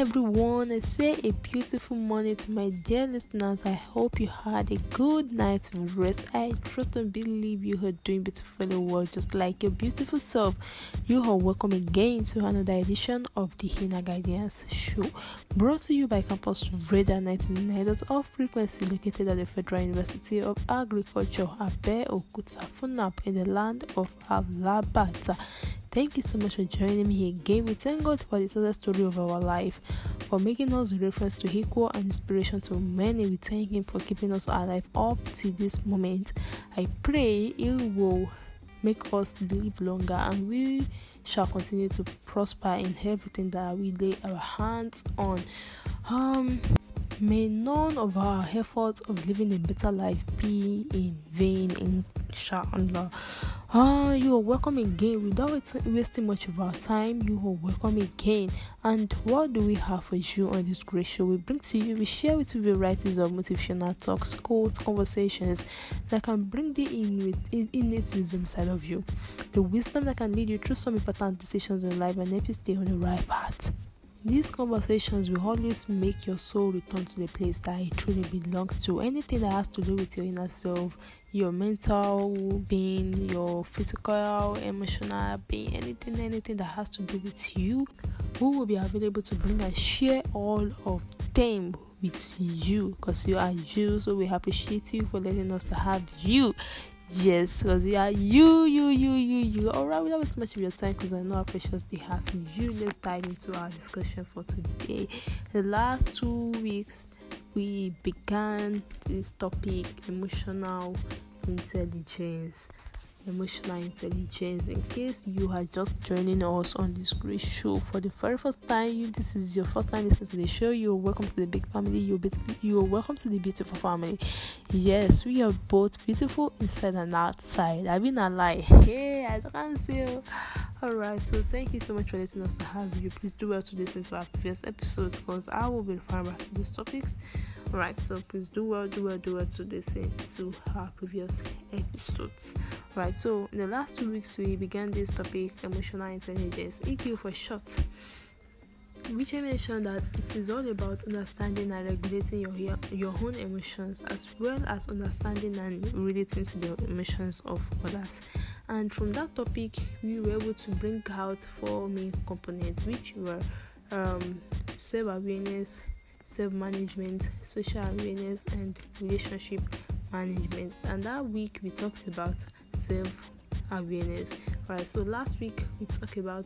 everyone and say a beautiful morning to my dear listeners. I hope you had a good night's rest. I trust and believe you are doing beautifully well, just like your beautiful self. You are welcome again to another edition of the Hina Guidance Show, brought to you by Campus Radar 99.0 frequency located at the Federal University of Agriculture, Abe Okuta in the land of Alabata. Thank you so much for joining me again. We thank God for the other story of our life, for making us reference to equal and inspiration to many. We thank Him for keeping us alive up to this moment. I pray He will make us live longer and we shall continue to prosper in everything that we lay our hands on. Um, May none of our efforts of living a better life be in vain, inshallah. Ah, you are welcome again. Without wasting much of our time, you are welcome again. And what do we have for you on this great show? We bring to you, we share with you varieties of motivational talks, quotes, conversations that can bring the in in, innate wisdom inside of you, the wisdom that can lead you through some important decisions in life and help you stay on the right path. These conversations will always make your soul return to the place that it truly belongs to. Anything that has to do with your inner self, your mental being, your physical, emotional being, anything, anything that has to do with you, who will be available to bring and share all of them with you because you are you. So we appreciate you for letting us to have you. Yes, because we are you, you, you, you, you. Alright, we don't waste much of your time because I know how precious they have to you. Let's dive into our discussion for today. The last two weeks, we began this topic emotional intelligence emotional intelligence. In case you are just joining us on this great show for the very first time, if this is your first time listening to the show, you're welcome to the big family. You're you're welcome to the beautiful family. Yes, we are both beautiful inside and outside. I've been like Hey, I can't say. All right, so thank you so much for listening us to have you. Please do well to listen to our previous episodes because I will be referring back to those topics right so please do well do well do well to listen to her previous episodes right so in the last two weeks we began this topic emotional intelligence eq for short which I mentioned that it is all about understanding and regulating your your own emotions as well as understanding and relating to the emotions of others. And from that topic, we were able to bring out four main components, which were um, self awareness, self management, social awareness, and relationship management. And that week we talked about self awareness. Right, so last week we talked about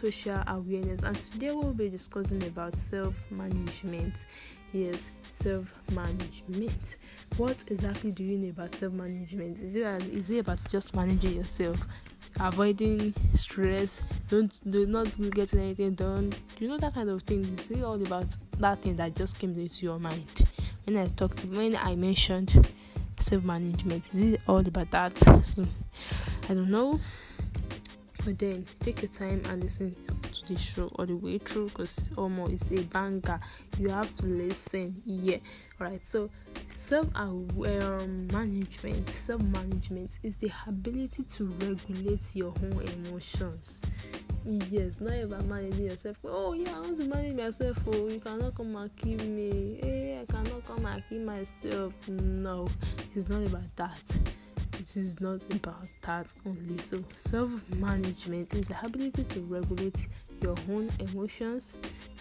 social awareness, and today we'll be discussing about self management. Yes, self management. What exactly do you know about self management? Is it, is it about just managing yourself? avoiding stress, don't do not getting anything done. You know that kind of thing. It's all about that thing that just came into your mind when I talked when I mentioned self management. This is all about that. So I don't know. But then take your time and listen to the show all the way through because Omo is a banger. You have to listen. Yeah. Alright, so Self aware um, management, self management is the ability to regulate your own emotions. Yes, not ever managing yourself. Oh, yeah, I want to manage myself. Oh, you cannot come and kill me. Hey, eh, I cannot come and kill myself. No, it's not about that. It is not about that only. So, self management is the ability to regulate your own emotions,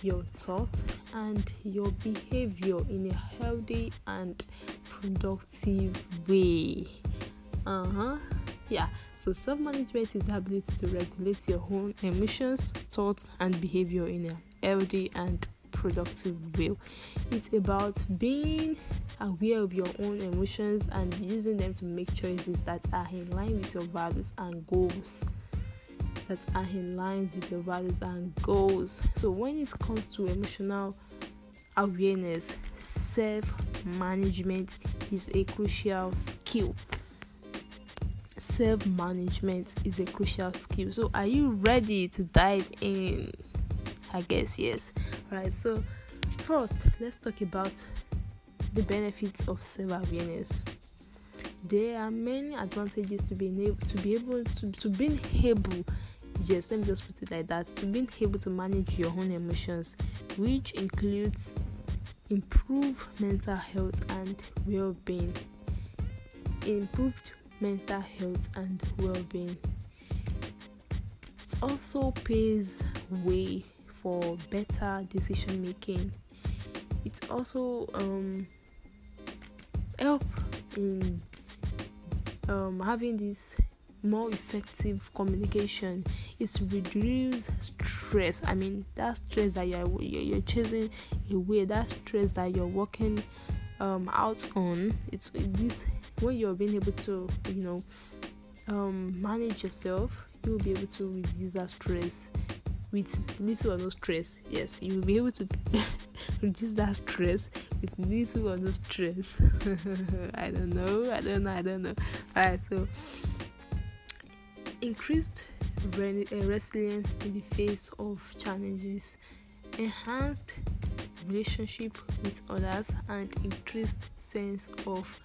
your thoughts, and your behavior in a healthy and productive way. Uh huh. Yeah, so self management is the ability to regulate your own emotions, thoughts, and behavior in a healthy and productive way. It's about being aware of your own emotions and using them to make choices that are in line with your values and goals that are in lines with your values and goals. So when it comes to emotional awareness, self management is a crucial skill. Self management is a crucial skill. So, are you ready to dive in? I guess yes. Right. So, first, let's talk about the benefits of self awareness. There are many advantages to being able to be able to, to being able yes let me just put it like that to being able to manage your own emotions which includes improve mental health and well-being improved mental health and well-being it also pays way for better decision making it also um, help in um, having this more effective communication is reduce stress i mean that stress that you're you're chasing away that stress that you're working um, out on it's this when you're being able to you know um, manage yourself you'll be able to reduce that stress with little or no stress yes you will be able to reduce that stress with little or no stress i don't know i don't know i don't know all right so increased uh, resilience in the face of challenges, enhanced relationship with others, and increased sense of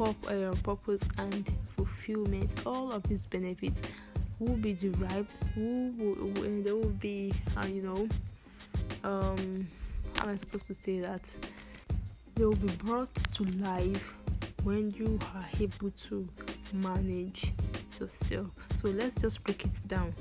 um, purpose and fulfillment. All of these benefits will be derived, will, will, they will be, uh, you know, um, how am I supposed to say that? They will be brought to life when you are able to manage yourself. So let's just break it down.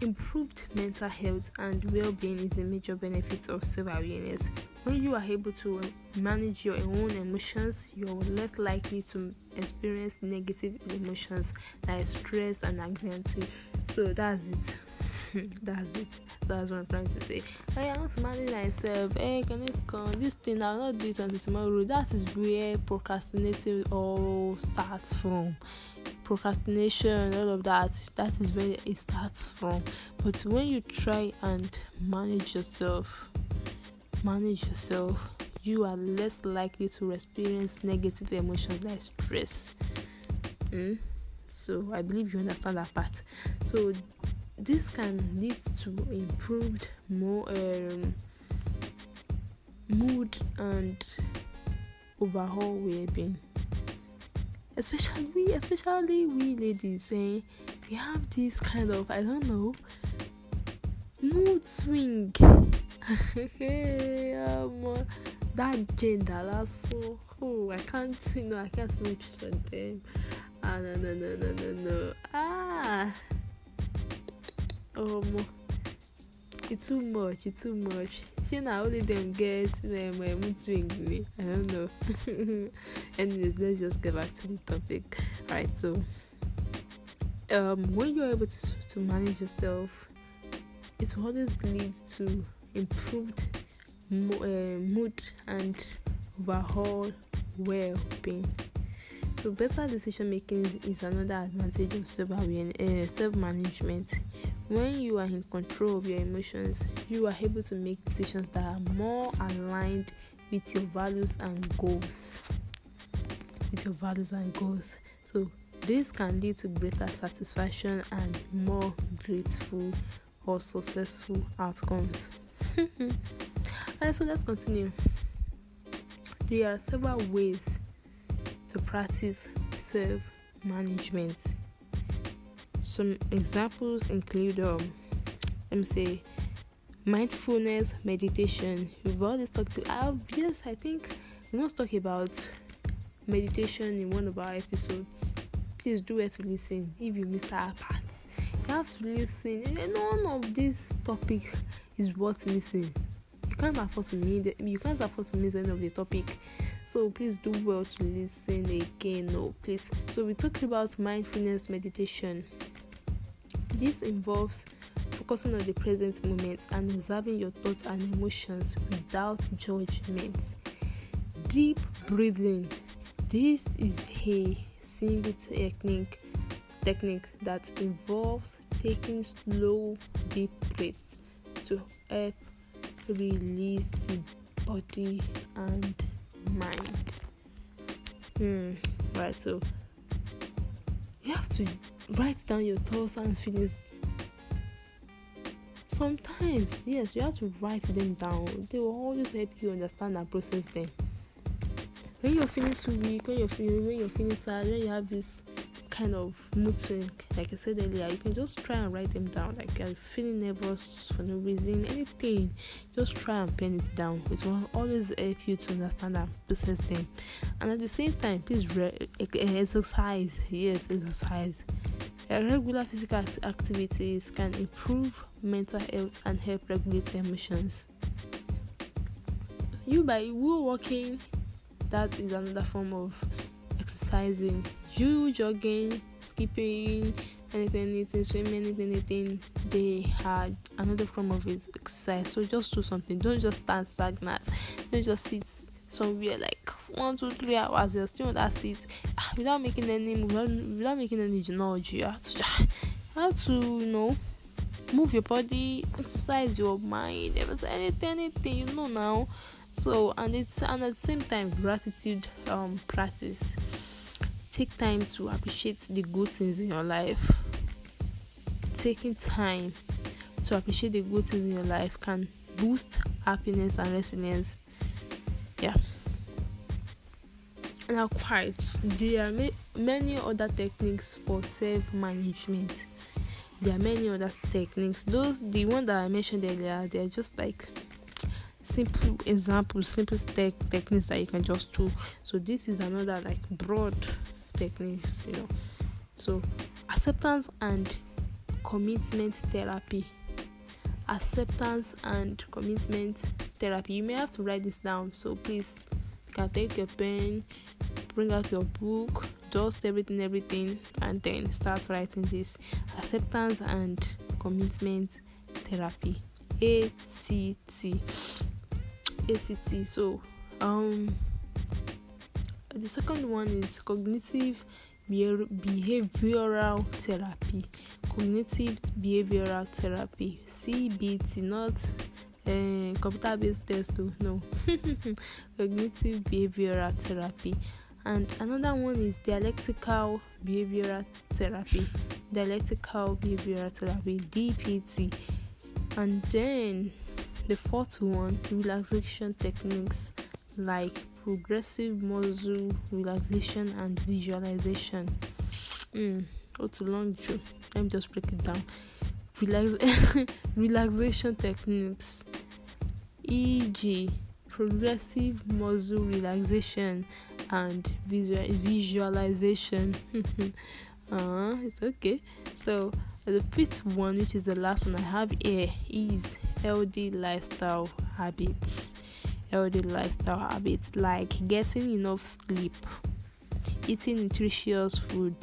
Improved mental health and well being is a major benefit of self awareness. When you are able to manage your own emotions, you're less likely to experience negative emotions like stress and anxiety. So that's it. that's it. That's what I'm trying to say. I want to manage myself. Hey, eh, can you come? This thing I'll not do it until tomorrow. That is where procrastinating all starts from procrastination all of that that is where it starts from but when you try and manage yourself manage yourself you are less likely to experience negative emotions like stress mm? so i believe you understand that part so this can lead to improved more um, mood and overall well-being especially we, especially we ladies eh, we have this kind of i don't know mood swing um, that gender that's so oh i can't you know i can't reach for them ah no no no no no no ah um, it's too much, it's too much. She now only them get my um, um, mood swing. I don't know. Anyways, let's just get back to the topic. All right, so um, when you're able to, to manage yourself, it always leads to improved mo- uh, mood and overall well being. So, better decision making is another advantage of self uh, management when you are in control of your emotions, you are able to make decisions that are more aligned with your values and goals. With your values and goals. So, this can lead to greater satisfaction and more grateful or successful outcomes. Alright, so let's continue. There are several ways to practice self management. Some examples include, um, let me say, mindfulness, meditation. We've always talked to, uh, yes, I think we must talk about meditation in one of our episodes. Please do it to listen if you missed our part. You have to listen. None of this topic is worth missing. You can't afford to miss. You can't afford to miss any of the topic. So please do well to listen again. No, please. So we talked about mindfulness meditation. This involves focusing on the present moment and observing your thoughts and emotions without judgment. Deep breathing. This is a single technique technique that involves taking slow deep breaths to help release the body and mind. Hmm. Right, so you have to write down your thoughts and feelings. Sometimes, yes, you have to write them down. They will always help you understand and process them. When you're feeling too weak, when you're feeling when you're feeling sad, when you have this kind of mood swing, like I said earlier, you can just try and write them down. Like you're feeling nervous for no reason, anything, just try and pen it down. It will always help you to understand and process them. And at the same time, please re- exercise. Yes, exercise regular physical activities can improve mental health and help regulate emotions. You by you walking, that is another form of exercising. You jogging, skipping, anything, anything, swimming, anything, anything, they had another form of exercise. So just do something. Don't just stand stagnant. Don't just sit somewhere like one two three hours you're still in that seat ah, without making any without, without making any energy. you have to how ah, to you know move your body exercise your mind anything anything you know now so and it's and at the same time gratitude um practice take time to appreciate the good things in your life taking time to appreciate the good things in your life can boost happiness and resilience yeah now quite there are many other techniques for self-management there are many other techniques those the one that i mentioned earlier they're just like simple examples simple te- techniques that you can just do so this is another like broad techniques you know so acceptance and commitment therapy acceptance and commitment therapy. You may have to write this down, so please you can take your pen, bring out your book, dust everything, everything, and then start writing this acceptance and commitment therapy. ACT. ACT. So, um, the second one is cognitive behavioral therapy. Cognitive behavioral therapy. CBT, not uh, computer based test, oh, no, cognitive behavioral therapy. And another one is dialectical behavioral therapy, dialectical behavioral therapy, DPT. And then the fourth one, relaxation techniques like progressive muscle relaxation and visualization. Mm, ó ti long jù. Let me just break it down. relax- relaxation techniques, e.g., progressive muscle relaxation and visual- visualization. uh, it's okay. So, the fifth one, which is the last one I have here, is healthy lifestyle habits. Healthy lifestyle habits like getting enough sleep, eating nutritious food,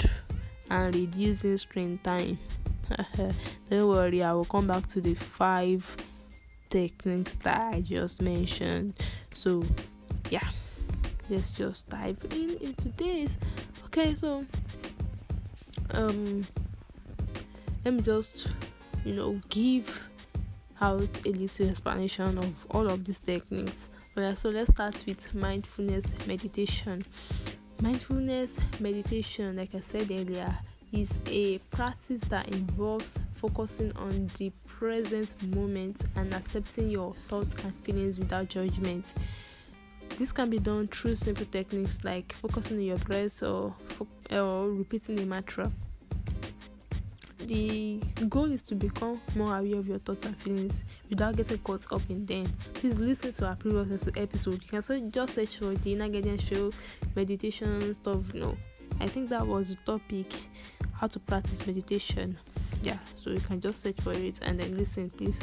and reducing screen time. don't worry, I will come back to the five techniques that I just mentioned. So, yeah, let's just dive in into this. Okay, so um, let me just you know give out a little explanation of all of these techniques. Alright, so let's start with mindfulness meditation. Mindfulness meditation, like I said earlier, is a practice that involves focusing on the present moment and accepting your thoughts and feelings without judgment. This can be done through simple techniques like focusing on your breath or, or repeating a mantra. The goal is to become more aware of your thoughts and feelings without getting caught up in them. Please listen to our previous episode. You can just search for the Inner Guardian Show, meditation, stuff, you know. I think that was the topic how to practice meditation. Yeah, so you can just search for it and then listen, please.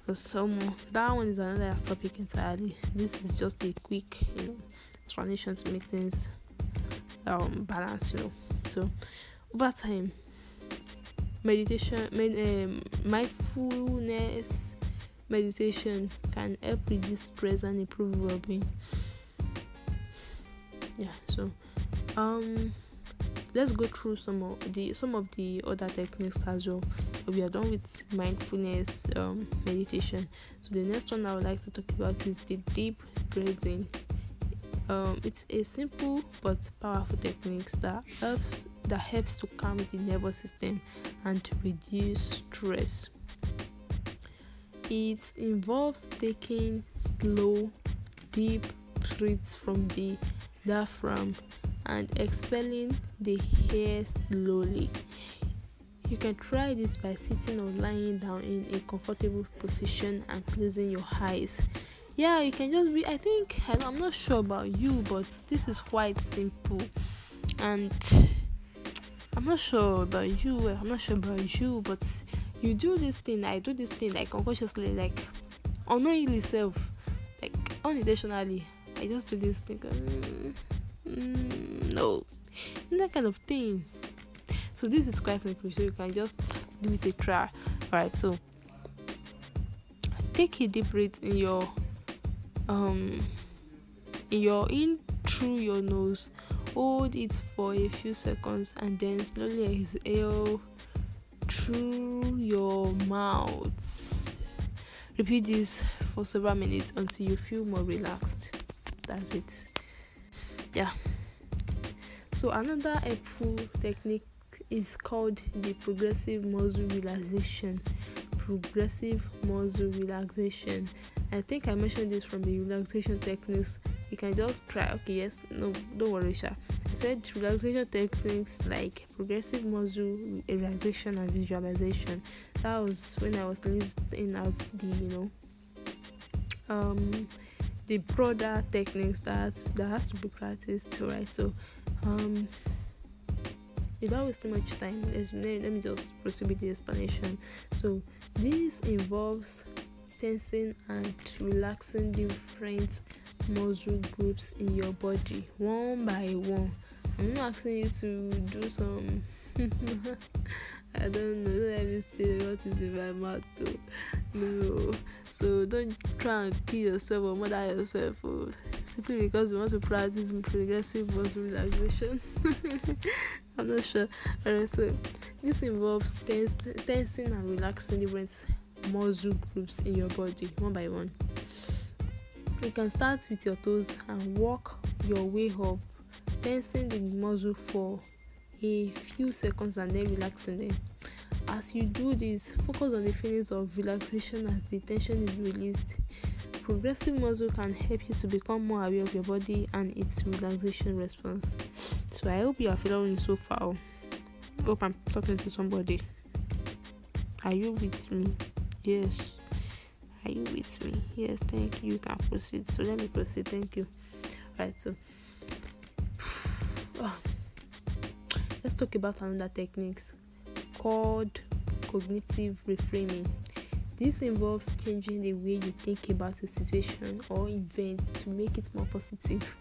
Because some that one is another topic entirely. This is just a quick, you know, explanation to make things um balance, you know. So over time, meditation, med- um, mindfulness, meditation can help reduce stress and improve well-being. Yeah, so um let's go through some of the some of the other techniques as well we are done with mindfulness um, meditation so the next one i would like to talk about is the deep breathing um, it's a simple but powerful technique that helps that helps to calm the nervous system and to reduce stress it involves taking slow deep breaths from the diaphragm and expelling the hair slowly. You can try this by sitting or lying down in a comfortable position and closing your eyes. Yeah, you can just be. I think I'm not sure about you, but this is quite simple. And I'm not sure about you. I'm not sure about you, but you do this thing. I do this thing like unconsciously, like unknowingly self, like unintentionally. I just do this thing. Mm, mm no and that kind of thing so this is quite simple so you can just give it a try all right so take a deep breath in your um in your in through your nose hold it for a few seconds and then slowly exhale through your mouth repeat this for several minutes until you feel more relaxed that's it yeah so another helpful technique is called the progressive muscle relaxation. Progressive muscle relaxation. I think I mentioned this from the relaxation techniques. You can just try. Okay, yes, no, don't worry, Sha. I said relaxation techniques like progressive muscle relaxation and visualization. That was when I was listing out the you know um the broader techniques that that has to be practiced, right? So um, without wasting much time, let me just proceed with the explanation. So, this involves tensing and relaxing different muscle groups in your body one by one. I'm not asking you to do some. I don't know. Let me see what is in my mouth. too. No, so don't try and kill yourself or murder yourself oh. simply because you want to practice progressive muscle relaxation. I'm not sure. Alright, so this involves tens- tensing and relaxing different muscle groups in your body one by one. You can start with your toes and walk your way up, tensing the muscle for a few seconds and then relaxing them as you do this, focus on the feelings of relaxation as the tension is released. Progressive muscle can help you to become more aware of your body and its relaxation response. So I hope you are following so far. Hope I'm talking to somebody. Are you with me? Yes. Are you with me? Yes, thank you. You can proceed. So let me proceed. Thank you. Right, so ah. let's talk about another techniques called cognitive reframing. This involves changing the way you think about a situation or event to make it more positive.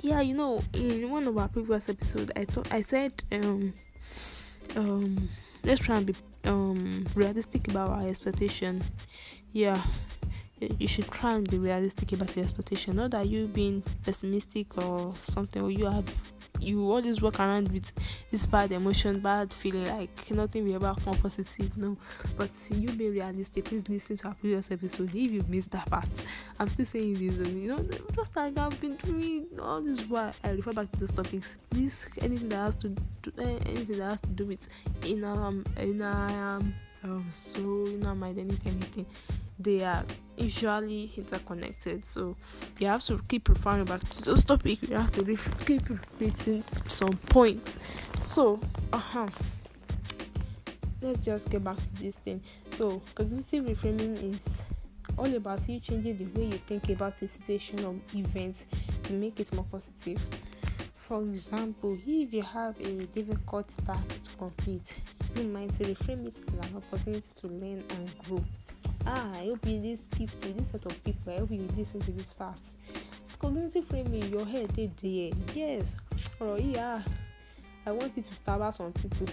Yeah, you know, in one of our previous episodes, I thought I said, um, um, let's try and be um realistic about our expectation. Yeah, you should try and be realistic about your expectation. Not that you being pessimistic or something, or you have you always walk around with this bad emotion, bad feeling, like nothing will ever come positive. No, but you be realistic. Please listen to our previous episode if you missed that part. I'm still saying this, you know, just like I've been doing all this while. I refer back to those topics. This anything that has to do, uh, anything that has to do with in um in um, um so you know mind anything anything they are usually interconnected so you have to keep referring back to those topics you have to re- keep repeating some points so uh-huh let's just get back to this thing so cognitive reframing is all about you changing the way you think about a situation or event to make it more positive for example, if you have a difficult task to complete, you might reframe it as an opportunity to learn and grow. Ah, I hope you these people, this set of people, I hope you listen to this facts. Cognitive framing, your head they there. Yes, oh yeah. I want you to cover some people.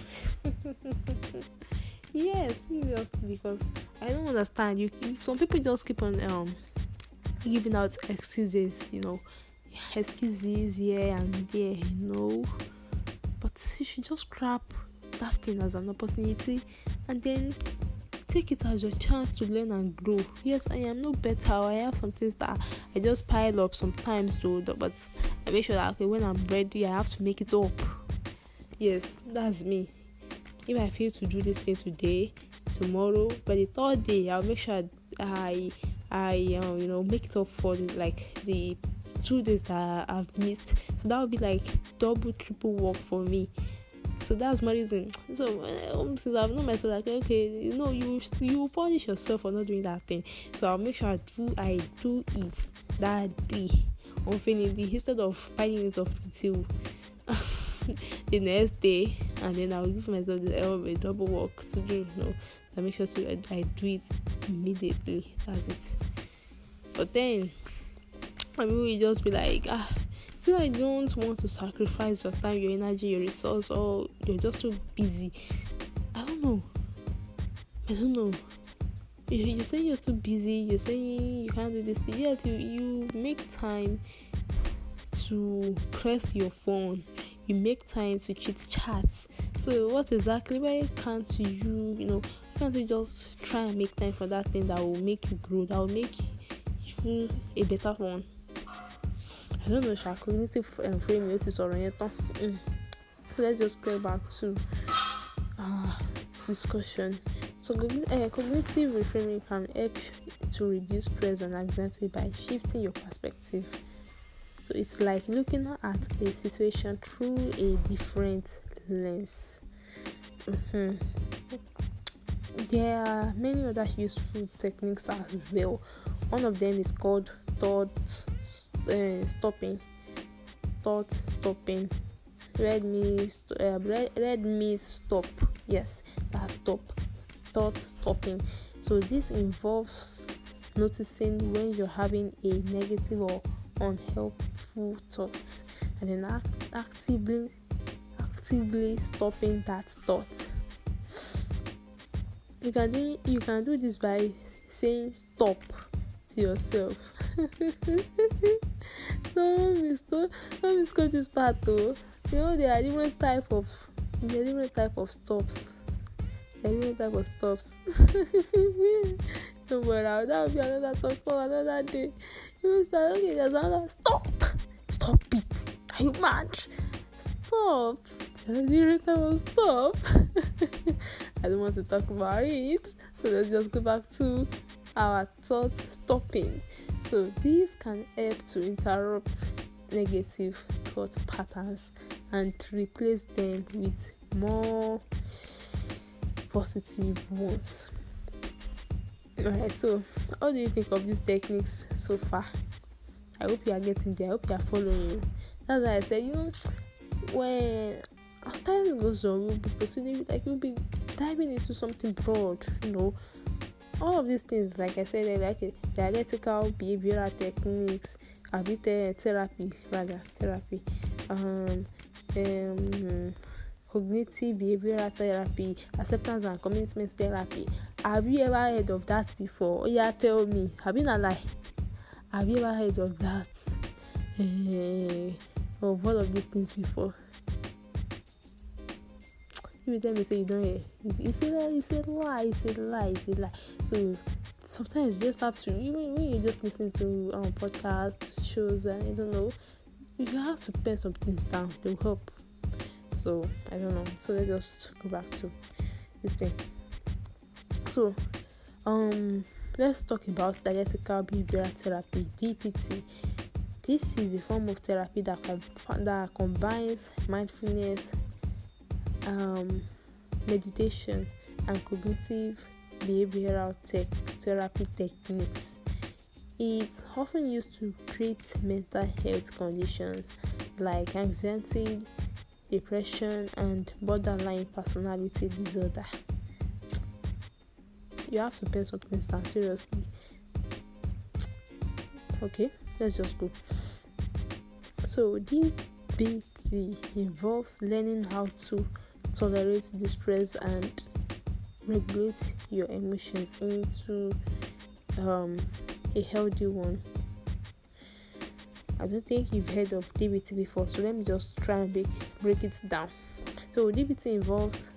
yes, seriously, because I don't understand. You some people just keep on um giving out excuses, you know, excuses here and there, you know. But you should just grab that thing as an opportunity and then Take it as your chance to learn and grow. Yes, I am no better. I have some things that I just pile up sometimes, though. But I make sure that okay, when I'm ready, I have to make it up. Yes, that's me. If I fail to do this thing today, tomorrow, but the third day, I'll make sure I, I, um, you know, make it up for the, like the two days that I've missed. So that would be like double, triple work for me. So that's my reason. So um, since I've known myself, like okay, you know, you you punish yourself for not doing that thing. So I'll make sure I do I do it that day on Finity instead of piling it up till the next day, and then I'll give myself the, a double work to do. You know, I make sure to I, I do it immediately. That's it. But then, I mean, we just be like ah still i don't want to sacrifice your time your energy your resource or you're just so busy i don't know i don't know you're saying you're too busy you're saying you can't do this yet you, you make time to press your phone you make time to chit chat so what exactly why can't you you know can't you just try and make time for that thing that will make you grow that will make you a better one lónà cognitive um, frame yóò ti soro tán let's just go back to uh, discussion so uh, cognitive reframing can help to reduce stress and anxiety by shifting your perspective so it's like looking at a situation through a different lens mm-hmm. there are many other useful techniques as well one of them is called thought uh, stopping thought stopping red me uh, me stop yes stop thought stopping so this involves noticing when you're having a negative or unhelpful thought and then act- actively actively stopping that thought you can do you can do this by saying stop to yourself No, mistake don't misquote this part though you know there are different type of there are different type of stops there are different type of stops No, but that will be another talk for another day you will start okay there's another stop stop it are you mad stop there different type of stop I don't want to talk about it so let's just go back to our thought stopping. So, these can help to interrupt negative thought patterns and replace them with more positive ones. Alright, so how do you think of these techniques so far? I hope you are getting there. I hope you are following. That's why I said, you know, when as time goes on, we'll be proceeding, like, we'll be diving into something broad, you know, all of these things like i said earlier okay dialectical behavioral techniques àbí te therapy rather therapy um, um, cognitive behavioral therapy acceptance and commitment therapy have you ever heard of that before oya oh, tell me abi na lie have you ever heard of that uh, of all of these things before you tell me say you don't hear it's, you said lie you said lie you said lie so sometimes you just have to even when you just listen to um podcasts shows and i don't know you have to pen some things down to help so i don't know so let's just go back to this thing so um let's talk about dialectical behavioral therapy dpt this is a form of therapy that, com- that combines mindfulness um, meditation, and cognitive behavioral therapy techniques. It's often used to treat mental health conditions like anxiety, depression, and borderline personality disorder. You have to pay something stand seriously. Okay, let's just go. So, DBT involves learning how to tolerate distress and regulate your emotions into um, a healthy one. I don't think you've heard of DBT before, so let me just try and break, break it down. So, DBT involves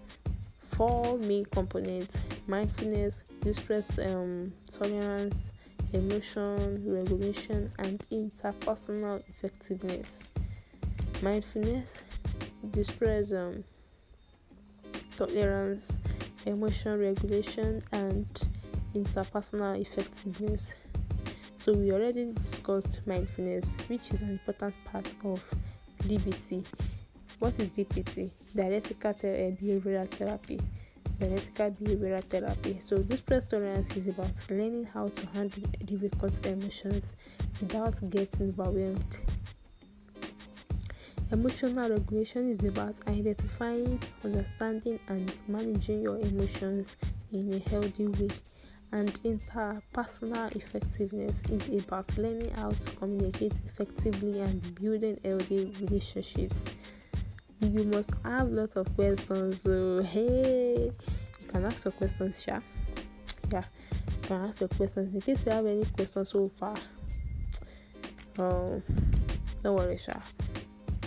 four main components mindfulness, distress um, tolerance, emotion regulation, and interpersonal effectiveness. Mindfulness, distress um, tolerance, emotion regulation, and interpersonal effectiveness. So, we already discussed mindfulness, which is an important part of DBT. What is DBT? Dialectical eh, Behavioral Therapy. Dialectical Behavioral Therapy. So, this post tolerance is about learning how to handle difficult emotions without getting overwhelmed Emotional regulation is about identifying, understanding, and managing your emotions in a healthy way. And interpersonal effectiveness is about learning how to communicate effectively and building healthy relationships. You must have lots of questions. So, hey, you can ask your questions, yeah. Yeah, you can ask your questions in case you have any questions so far. Um, don't worry, Sha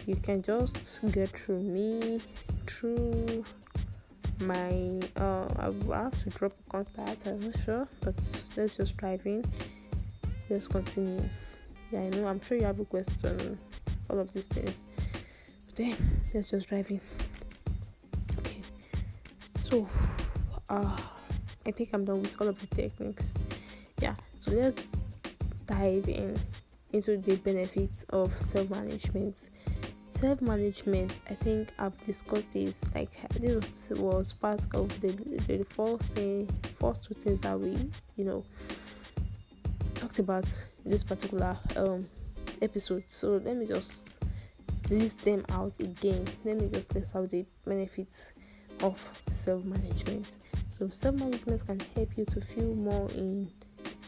you can just get through me through my uh, I have to drop a contact, I'm not sure, but let's just dive in. Let's continue. Yeah, I know I'm sure you have a question all of these things. But then let's just dive in. Okay. So uh I think I'm done with all of the techniques. Yeah, so let's dive in into the benefits of self-management self management i think i've discussed this like this was part of the the first thing first two things that we you know talked about this particular um episode so let me just list them out again let me just list out the benefits of self management so self management can help you to feel more in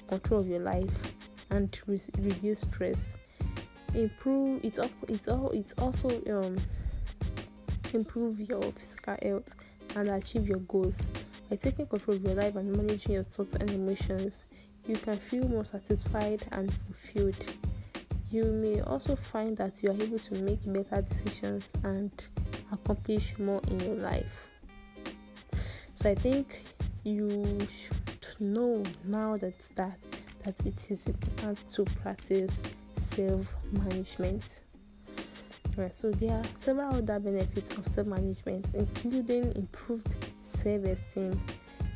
control of your life and re- reduce stress improve it's up it's all it's also um improve your physical health and achieve your goals by taking control of your life and managing your thoughts and emotions you can feel more satisfied and fulfilled you may also find that you are able to make better decisions and accomplish more in your life so i think you should know now that that that it is important to practice self management. Right, so there are several other benefits of self management, including improved self esteem,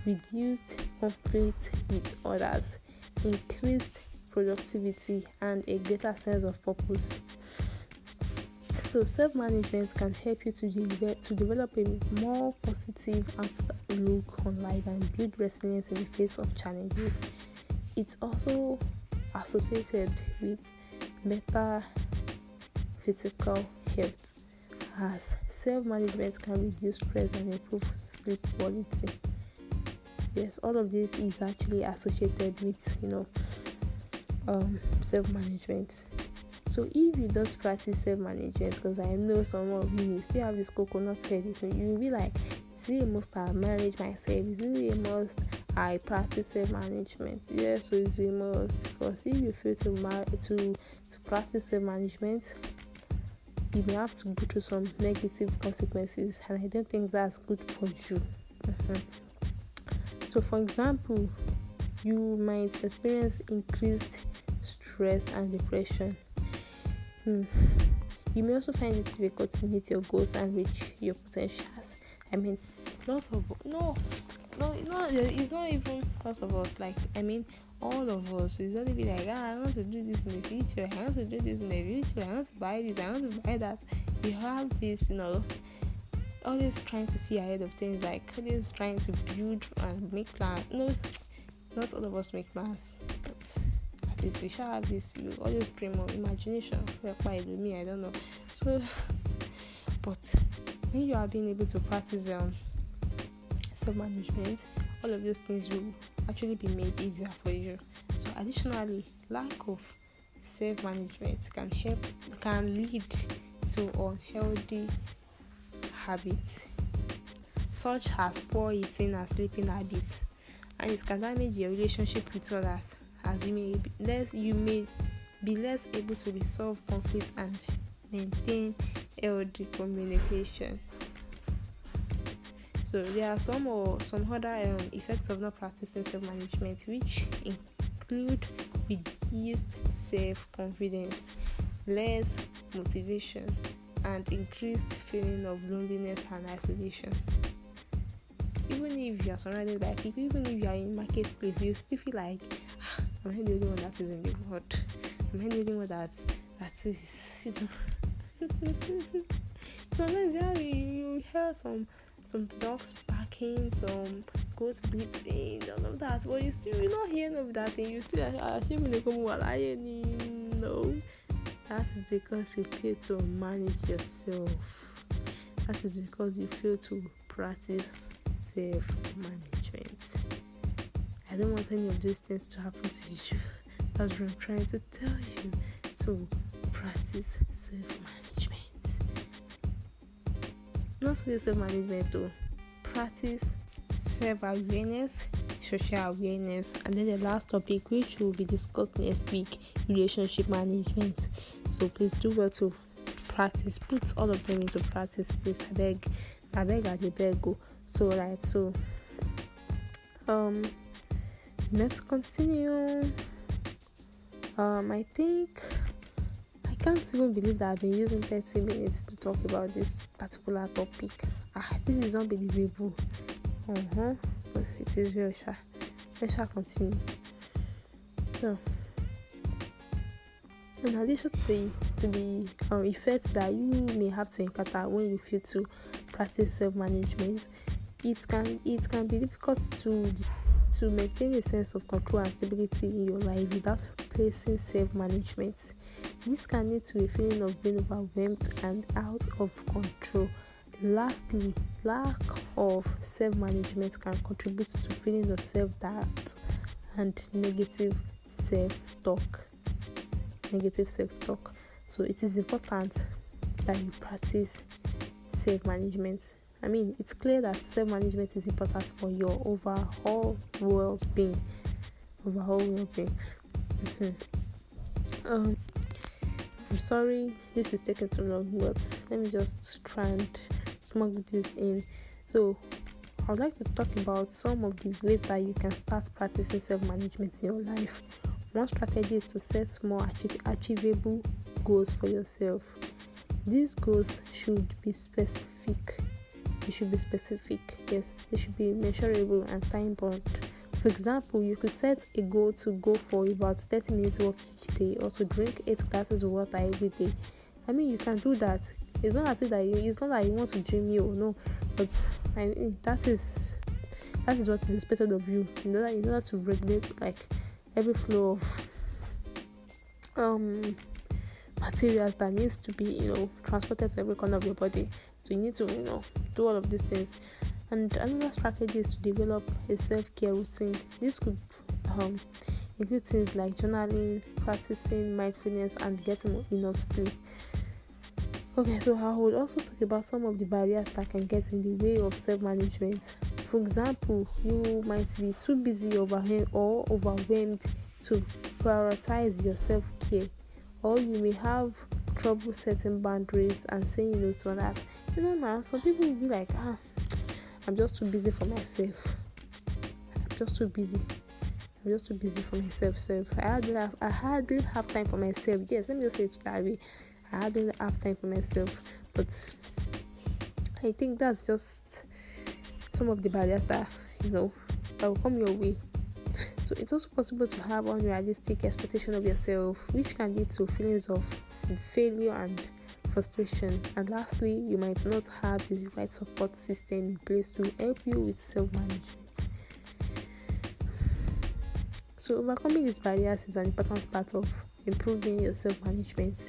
reduced conflict with others, increased productivity, and a greater sense of purpose. So, self management can help you to, de- to develop a more positive outlook on life and build resilience in the face of challenges. It's also associated with better physical health as self-management can reduce stress and improve sleep quality yes all of this is actually associated with you know um, self-management so if you don't practice self-management because i know some of you still have this coconut head you will be like is it a must I manage myself? Is it a must I practice self management? Yes, so it's a must because if you fail to, ma- to, to practice self management, you may have to go through some negative consequences, and I don't think that's good for you. Mm-hmm. So, for example, you might experience increased stress and depression. Hmm. You may also find it difficult to meet your goals and reach your potentials. I mean, lots of no no no it's not even lots of us like i mean all of us we only be like ah, i want to do this in the future i want to do this in the future i want to buy this i want to buy that we have this you know always trying to see ahead of things like always trying to build and make plans no not all of us make plans but at least we shall have this you always dream of imagination by me i don't know so but when you are being able to practice um self management, all of those things will actually be made easier for you. So, additionally, lack of self management can help can lead to unhealthy habits such as poor eating and sleeping habits, and it can damage your relationship with others as you may be less you may be less able to resolve conflicts and maintain healthy communication. So there are some or some other um, effects of not practicing self-management, which include reduced self-confidence, less motivation, and increased feeling of loneliness and isolation. Even if you are surrounded by people, even if you are in marketplace, you still feel like ah, i am the only one that is in the world? Am the only one that that is you know? Sometimes you, have, you hear some some dogs barking, some goats bleating, all of that. But you still you're not hearing of that thing. You still are assuming no. That is because you fail to manage yourself. That is because you fail to practice self management. I don't want any of these things to happen to you. That's what I'm trying to tell you to practice self management not relationship management though. Practice self awareness, social awareness, and then the last topic which will be discussed next week relationship management. So please do well to practice, put all of them into practice, please. I beg, I beg, I beg, go. Oh. So, right, so, um, let's continue. Um, I think can't even believe that I've been using 30 minutes to talk about this particular topic. Ah, this is unbelievable. Uh-huh. But it is real, Sha. Let's continue. So, in addition to the to the um, effects that you may have to encounter when you feel to practice self-management, it can it can be difficult to To maintain a sense of control and stability in your life without placing self management, this can lead to a feeling of being overwhelmed and out of control. Lastly, lack of self management can contribute to feelings of self doubt and negative self talk. Negative self talk. So, it is important that you practice self management I mean, it's clear that self management is important for your overall well being. Overall well being. Mm-hmm. Um, I'm sorry, this is taking too long, but let me just try and smuggle this in. So, I would like to talk about some of the ways that you can start practicing self management in your life. One strategy is to set small, achievable goals for yourself. These goals should be specific you should be specific yes it should be measurable and time bound for example you could set a goal to go for about 30 minutes walk each day or to drink 8 glasses of water every day i mean you can do that it's not as if that you it's not that you want to gym you or no but i mean that is that is what is expected of you in order in order to regulate like every flow of um materials that needs to be you know transported to every corner of your body so you need to you know do all of these things and another strategy is to develop a self-care routine this could um, include things like journaling practicing mindfulness and getting enough sleep okay so i would also talk about some of the barriers that can get in the way of self-management for example you might be too busy overwhelmed or overwhelmed to prioritize your self-care or you may have trouble setting boundaries and saying no to others. You know, now some people will be like, ah, I'm just too busy for myself. I'm just too busy. I'm just too busy for myself. if I hardly have, I hardly have time for myself. Yes, let me just say it that way. I hardly have time for myself. But I think that's just some of the barriers that you know that will come your way so it's also possible to have unrealistic expectation of yourself, which can lead to feelings of failure and frustration. And lastly, you might not have the right support system in place to help you with self-management. So overcoming these barriers is an important part of improving your self-management.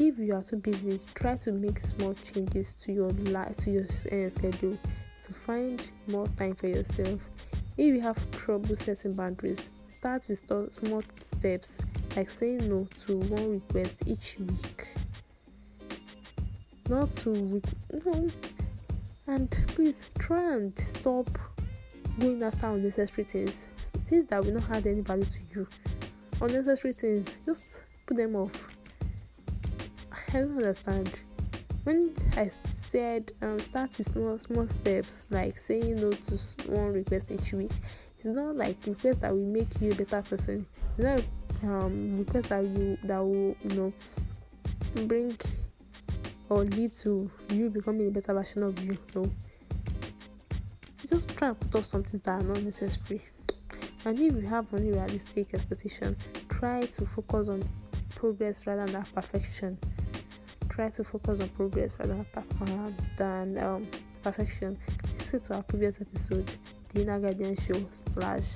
If you are too busy, try to make small changes to your life to your uh, schedule to find more time for yourself. If you have trouble setting boundaries, start with small steps like saying no to one request each week. Not to no. And please try and stop going after unnecessary things, things that will not add any value to you. Unnecessary things, just put them off. I don't understand. When I said um, start with small small steps like saying no to one request each week it's not like request that will make you a better person it's not um, request that you that will you know bring or lead to you becoming a better version of you no just try and put off some things that are not necessary and if you have unrealistic expectation try to focus on progress rather than perfection try to focus on progress rather than um, perfection. Listen to our previous episode, The Inner Guardian Show Splash,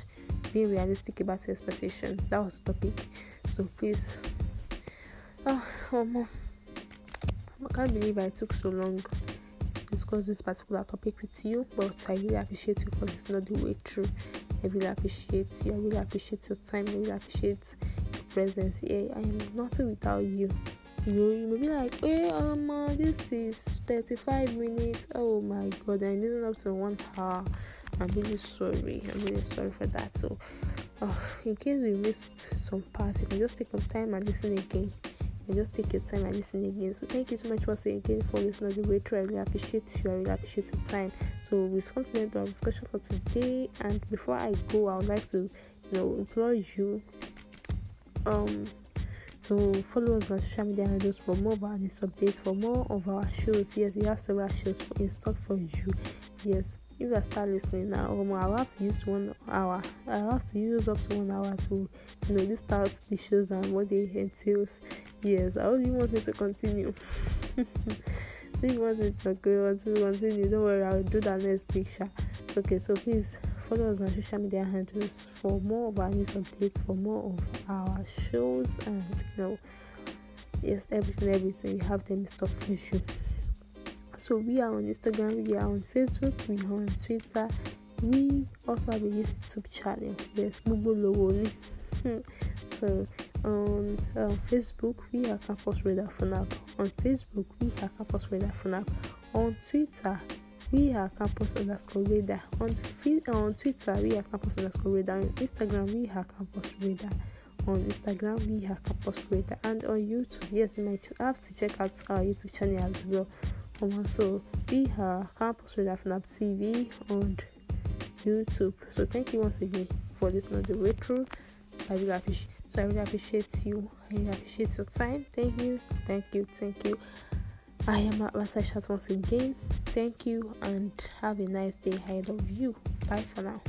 being realistic about your expectation. That was the topic. So please. Oh, um, I can't believe I took so long to discuss this particular topic with you, but I really appreciate you because it's not the way through. I really appreciate you. I really appreciate your time. I really appreciate your presence here. I am nothing without you you you may be like hey eh, um uh, this is 35 minutes oh my god i'm using up to one hour i'm really sorry i'm really sorry for that so uh, in case you missed some parts you can just take some time and listen again you just take your time and listen again so thank you so much once again for listening to the way through i really appreciate you i really appreciate your time so we've come to the end of our discussion for today and before i go i would like to you know implore you um so follow us on social media handles for more about this updates for more of our shows. Yes, we have several shows in stock for you. Yes, if you start listening now, um, I'll have to use one hour. I'll have to use up to one hour to you know list out the shows and what they entails. Yes, I hope you want me to continue. so you want me to go on to continue, don't worry, I'll do that next picture. Okay, so please follow us on social media handles for more of our news updates, for more of our shows, and you know, yes, everything, everything. We have them stop for you. So we are on Instagram, we are on Facebook, we are on Twitter. We also have a YouTube channel. Yes, Mugolowoli. Hmm. so on uh, Facebook, we are Campus Radar Funab. On Facebook, we are Campus Radar Funab. On Twitter, we are campus underscore radar. On, on Twitter, we are campus underscore radar. On Instagram, we are campus radar. On Instagram, we are campus radar. And on YouTube, yes, you might have to check out our YouTube channel as well. Um, so we are campus radar FNAP TV on YouTube. So thank you once again for listening the way through. I really appreciate so I really appreciate you. I really appreciate your time. Thank you, thank you, thank you. I am at Masashas once again. Thank you and have a nice day ahead of you. Bye for now.